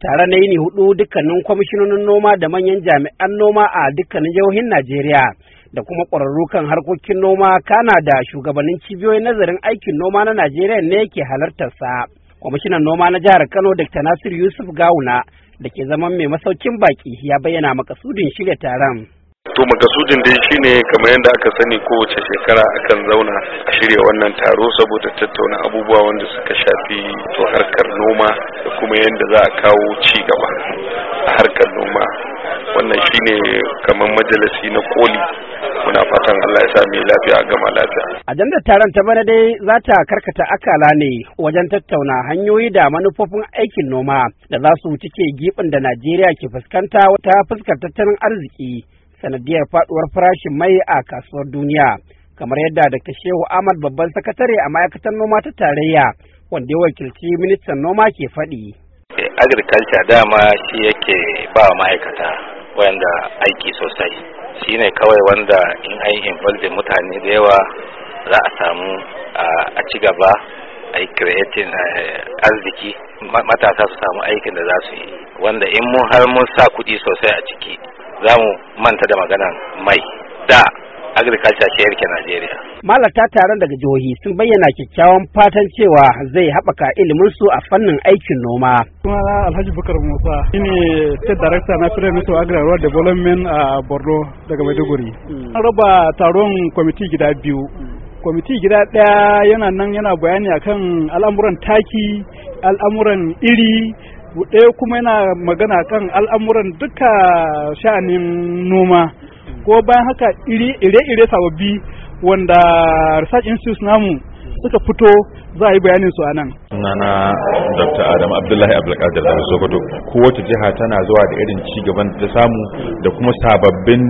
tare na yini hudu dukkanin kwamishinonin noma da manyan jami'an noma a dukkanin jihohin Najeriya da kuma ƙwararru kan harkokin noma kana da shugabannin cibiyoyin nazarin aikin noma na Najeriya ne ke halartarsa. Kwamishinan noma na jihar Kano Dr. Nasir Yusuf Gawuna da ke zaman mai masaukin baki ya bayyana makasudin shirya taron. to makasudin dai shine kamar yadda aka sani kowace shekara akan zauna a shirya wannan taro saboda tattauna abubuwa wanda suka shafi to harkar noma da kuma yadda za a kawo ci gaba a harkar noma wannan shine kamar majalisi na koli muna fatan Allah ya sami mai lafiya gama lafiya ajandar taron ta bana dai za ta karkata akala ne wajen tattauna hanyoyi da manufofin aikin noma da za su cike gibin da Najeriya ke fuskanta ta fuskar tattalin arziki sanadiyar faduwar farashin mai a kasuwar duniya kamar yadda Dr. Shehu Ahmad babban sakatare a ma'aikatar noma ta tarayya wanda ya wakilci ministan noma ke faɗi. Agriculture dama shi yake ba ma'aikata wanda aiki sosai shi ne kawai wanda in an involve mutane da yawa za a samu a ci gaba a yi creating arziki matasa su samu aikin da za su yi wanda in mun har mun sa kuɗi sosai a ciki za mu manta da maganan mai da agriculture shayar ke Najeriya. Malata taron daga jihohi sun bayyana kyakkyawan fatan cewa zai haɓaka ilimin su a fannin aikin noma. suna Alhaji Bukar Musa, shi ne State Director na Fire Ministry Agri Rural Development a Borno daga Maiduguri. Hmm. An raba taron kwamiti gida biyu. Kwamiti gida ɗaya yana nan yana bayani akan al'amuran taki, al'amuran iri, ɗaya kuma yana magana kan al'amuran duka sha'anin noma ko bayan haka ire-ire sababbi wanda research institute namu suka fito za a yi bayanin su a nan. Sunana Dr. Adam Abdullahi Abdulkadir daga Sokoto. Kowace jiha tana zuwa da irin ci gaban ta samu da kuma sababbin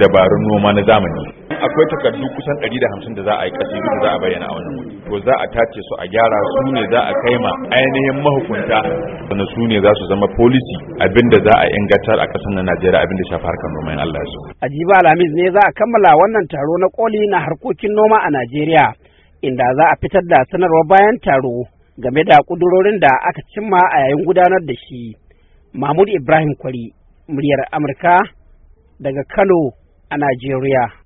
dabarun noma na zamani. akwai takardu kusan 150 da za a yi kashi da za a bayyana a wannan wuri to za a tace su a gyara su ne za a kai ma ainihin mahukunta wanda su ne za su zama policy abinda za a ingantar a kasar na Najeriya abinda shafi harkar noma in Allah ya so Ajiba Alhamis ne za a kammala wannan taro na koli na harkokin noma a Najeriya inda za a fitar da sanarwar bayan taro game da kudurorin da aka cimma a yayin gudanar da shi. Mahmud Ibrahim Kwari, muryar Amurka daga Kano a Najeriya.